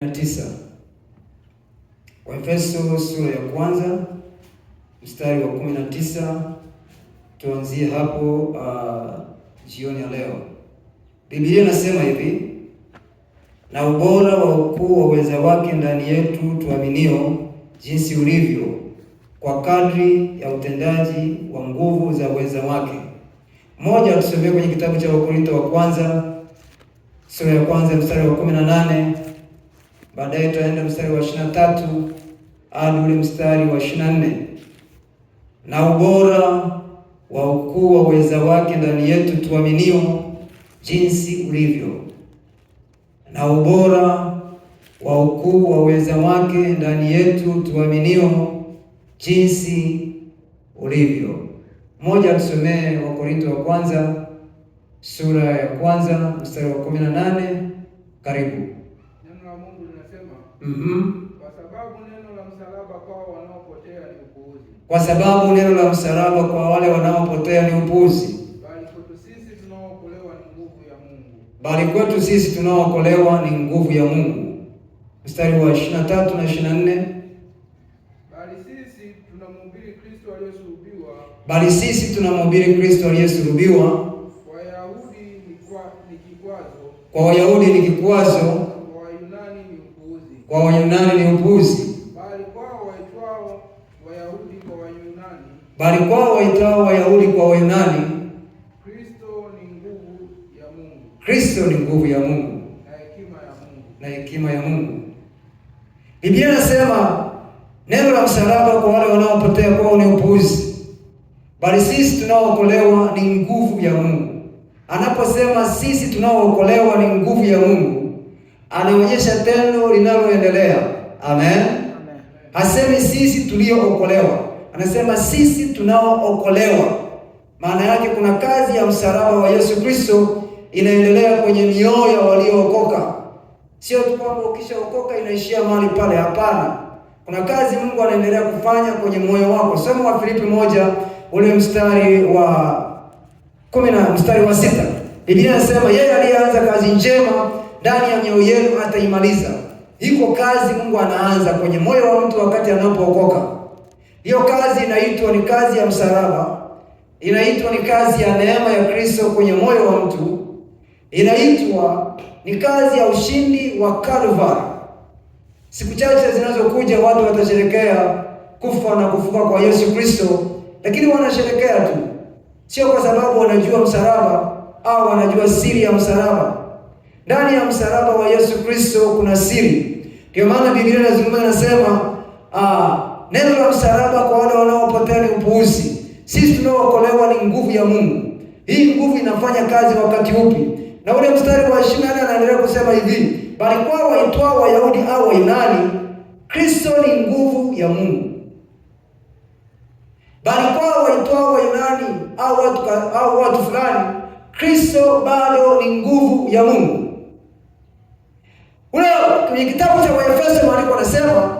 9. Waefeso sura ya kwanza mstari wa 19, tuanzie hapo uh, jioni ya leo. Biblia inasema hivi: na ubora wa ukuu wa uweza wake ndani yetu tuaminio, jinsi ulivyo kwa kadri ya utendaji wa nguvu za uweza wake. Moja, tusomee kwenye kitabu cha Wakorintho wa kwanza sura ya kwanza mstari wa 18 Baadaye tutaenda mstari wa ishirini na tatu hadi ule mstari wa ishirini na nne na ubora wa ukuu wa uweza wake ndani yetu tuaminio jinsi ulivyo, na ubora wa ukuu wa uweza wake ndani yetu tuaminio jinsi ulivyo. Moja, tusomee wakorinto wa kwanza sura ya kwanza mstari wa kumi na nane. Karibu mm-hmm. Kwa sababu neno la msalaba kwa wanaopotea ni upuuzi. Kwa sababu neno la msalaba kwa wale wanaopotea ni upuuzi. Bali kwetu sisi tunaookolewa ni nguvu ya Mungu. Bali kwetu sisi tunaookolewa ni nguvu ya Mungu. Mstari wa 23 na 24. Bali sisi tunamhubiri Kristo aliyesulubiwa. Bali sisi tunamhubiri Kristo aliyesulubiwa. Kwa Wayahudi ni kikwazo. Kwa Wayahudi ni kikwazo kwa Wayunani ni upuzi, bali kwao waitwao Wayahudi kwa Wayunani, kwa Wayunani, Kristo ni nguvu ya Mungu, na hekima ya Mungu, na hekima ya Mungu. Biblia inasema neno la msalaba kwa wale wanaopotea kwao ni upuzi, bali sisi tunaookolewa ni nguvu ya Mungu. Anaposema sisi tunaookolewa ni nguvu ya Mungu anaonyesha tendo linaloendelea. Amen. Hasemi sisi tuliookolewa, anasema sisi tunaookolewa. Maana yake kuna kazi ya msalaba wa Yesu Kristo inaendelea kwenye mioyo waliookoka. Sio tu kwamba ukishaokoka inaishia mahali pale, hapana. Kuna kazi Mungu anaendelea kufanya kwenye moyo wako. Soma wa Filipi moja ule mstari wa kumi na mstari wa sita Biblia inasema yeye aliyeanza kazi njema ndani ya mioyo yenu ataimaliza. Iko kazi Mungu anaanza kwenye moyo wa mtu wakati anapookoka. Hiyo kazi inaitwa ni kazi ya msalaba, inaitwa ni kazi ya neema ya Kristo kwenye moyo wa mtu, inaitwa ni kazi ya ushindi wa Kalvari. Siku chache zinazokuja watu watasherekea kufa na kufuka kwa Yesu Kristo, lakini wanasherekea tu, sio kwa sababu wanajua msalaba au wanajua siri ya msalaba ndani ya msalaba wa Yesu Kristo kuna siri. Ndio maana Biblia inazungumza inasema, ah, neno la msalaba kwa wale wanaopotea ni upuuzi. Sisi tunaookolewa ni nguvu ya Mungu. Hii nguvu inafanya kazi wakati upi? Na ule mstari wa 24 anaendelea kusema hivi, bali kwa waitwao Wayahudi au Wainani, Kristo ni nguvu ya Mungu. Bali kwa waitwao Wainani au watu au watu fulani, Kristo bado ni nguvu ya Mungu kwenye kitabu cha Waefeso maandiko anasema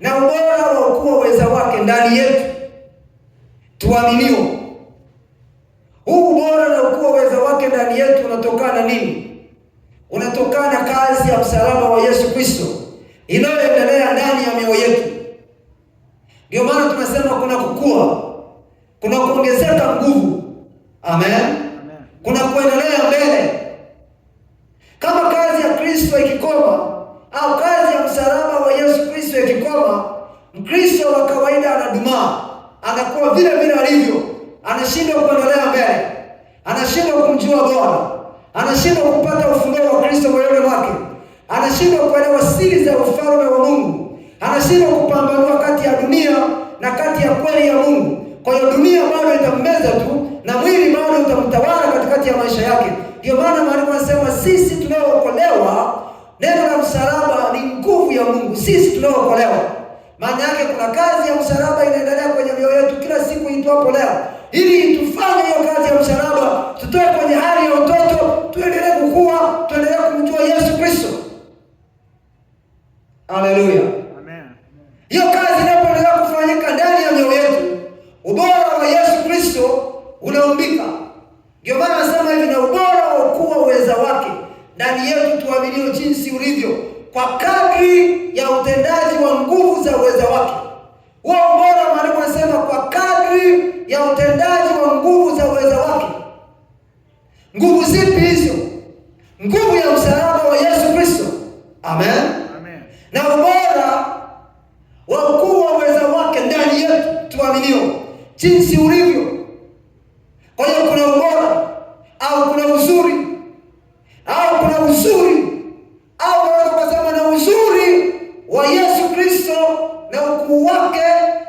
na ubora wa ukuu wa uweza wake ndani yetu tuaminio. Huu ubora na ukuu wa uweza wake ndani yetu unatokana nini? Unatokana kazi ya msalaba wa Yesu Kristo inayoendelea ndani ya mioyo yetu. Ndio maana tunasema kuna kukua, kuna kuongezeka nguvu. Amen, amen. Kuna kuendelea mbele kama Kristo ikikoma au kazi ya msalaba wa Yesu Kristo ikikoma, Mkristo wa kawaida anadumaa, anakuwa vile vile alivyo, anashindwa kuendelea mbele, anashindwa kumjua Bwana, anashindwa kupata ufunuo wa Kristo moyoni mwake, anashindwa kuelewa siri za ufalme wa Mungu, anashindwa kupambanua kati ya dunia na kati ya kweli ya Mungu. Kwa hiyo dunia bado itammeza tu na mwili bado utamtawala katikati ya maisha yake. Ndio maana maandiko yanasema sisi tunaookolewa Neno la msalaba ni nguvu ya Mungu sisi tunaokolewa Maana yake kuna kazi ya msalaba inaendelea kwenye mioyo yetu kila siku itwapo leo, ili tufanye hiyo kazi ya msalaba, tutoe kwenye hali ya utoto, tuendelee kukua, tuendelee kumjua Yesu Kristo. Haleluya, amen. Hiyo kazi inapoendelea kufanyika ndani ya mioyo yetu, ubora wa Yesu Kristo unaumbika. Ndio maana nasema hivi, na ubora wa ukuu wa uweza wake ndani yetu tuaminio jinsi ulivyo kwa kadri ya utendaji wa nguvu za uweza wake. Huo ubora mwalimu anasema kwa kadri ya utendaji wa nguvu za uweza wake. Nguvu zipi hizo? Nguvu ya msalaba wa Yesu Kristo. Amen, amen. Na ubora wa ukuu wa uweza wake ndani yetu tuaminio jinsi ulivyo na ukuu wake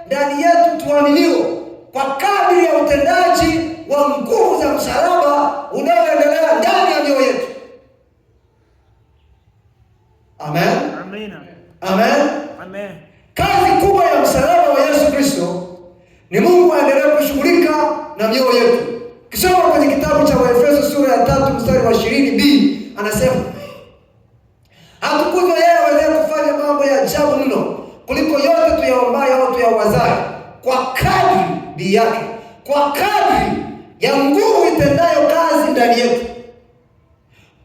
ndani yetu tuaminiwe kwa kadri ya utendaji wa nguvu za msalaba unaoendelea ndani ya mioyo yetu. Amen. Amen. Amen. Amen. Kazi kubwa ya msalaba wa Yesu Kristo ni Mungu aendelee kushughulika na mioyo yetu. Kisoma kwenye kitabu cha Waefeso sura ya tatu mstari wa 20b anasema hatukujwa yeye awendelee kufanya mambo ya ajabu mno kuliko yote tuyaombayo au tuyauwazayo, kwa kadiri yake, kwa kadri ya nguvu itendayo kazi ndani yetu,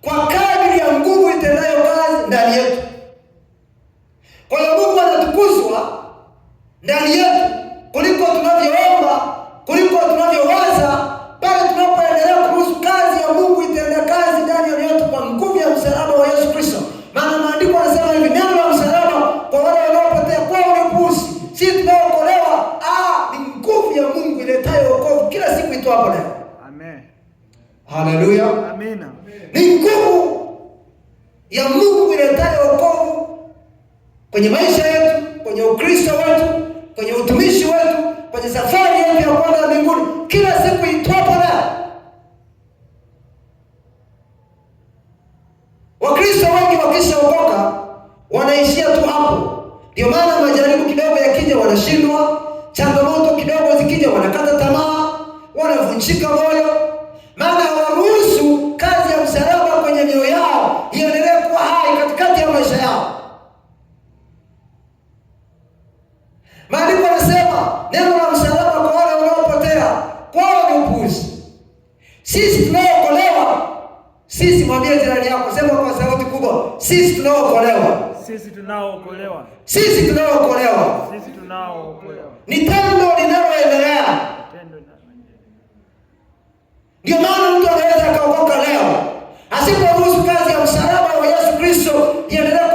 kwa kadri ya nguvu itendayo kazi ndani yetu. Kwa hiyo Mungu anatukuzwa ndani yetu kuliko tunavyoomba, kuliko tunavyowaza kwenye maisha yetu, kwenye Ukristo wetu, kwenye utumishi wetu, kwenye safari yetu ya kwenda mbinguni, kila siku itwapo na Wakristo wengi wakishaokoka wanaishia tu hapo. Ndio maana majaribu kidogo yakija wanashindwa, changamoto kidogo zikija wanakata tamaa, wanavunjika moyo. Sisi mwambie jirani yako, sema kwa sauti kubwa, sisi tunaokolewa Sisi tunaookolewa. Sisi tunaokolewa, Sisi tunaokolewa. Ni tendo linaloendelea. Ndio maana mtu anaweza akaokoka leo asiporuhusu kazi ya msalaba wa Yesu Kristo iendelee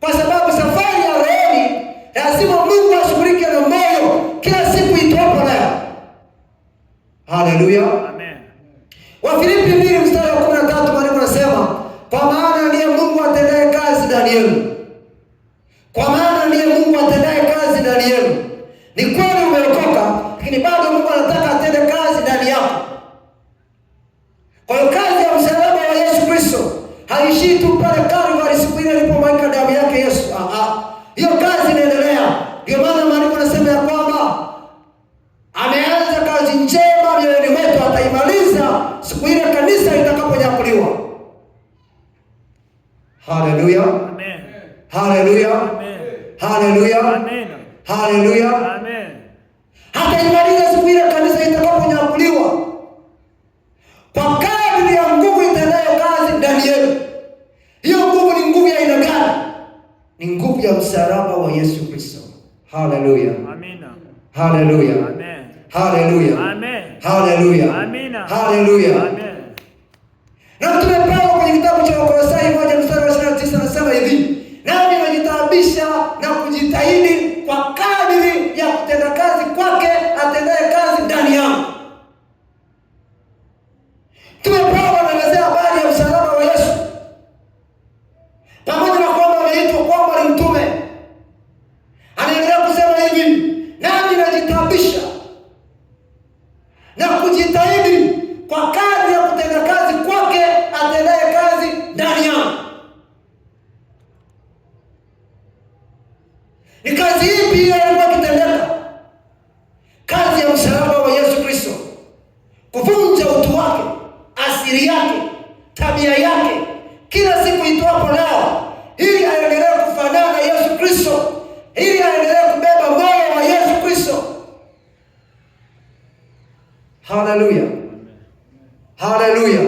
kwa sababu safari ya reheni lazima Mungu ashughulike na moyo kila siku itoapo nayo. Haleluya, amen. Wafilipi mbili mstari wa kumi na tatu maneno nasema, kwa maana ndiye Mungu atendaye kazi ndani yenu, kwa maana ndiye Mungu atendaye kazi ndani yenu. Ni kweli umeokoka, lakini siku ile kanisa litakaponyakuliwa. Haleluya, haleluya, haleluya, haleluya. Hataimaliza siku ile kanisa litakaponyakuliwa kwa kadri ya nguvu itendayo kazi ndani yenu. Hiyo nguvu ni nguvu ya aina gani? Ni nguvu ya msalaba wa Yesu Kristo. Haleluya, haleluya, haleluya. Haleluya, amina, haleluya, amen. Na Mtume Paulo kwenye kitabu cha Wakolosai moja mstari wa ishirini na tisa anasema hivi, nami najitaabisha na kujitahidi kwa kadiri ya kutenda na kujitahidi kwa kazi ya kutenda kazi kwake atendaye kazi ndani yao. Ni kazi ipi hiyo ilikuwa ikitendeka? Kazi ya msalaba wa Yesu Kristo, kuvunja utu wake, asili yake, tabia yake, kila siku itwapo nao, ili aendelee kufanana Yesu Kristo, ili aendelee Haleluya, haleluya.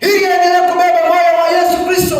Hili endelea kubeba moyo wa Yesu Kristo.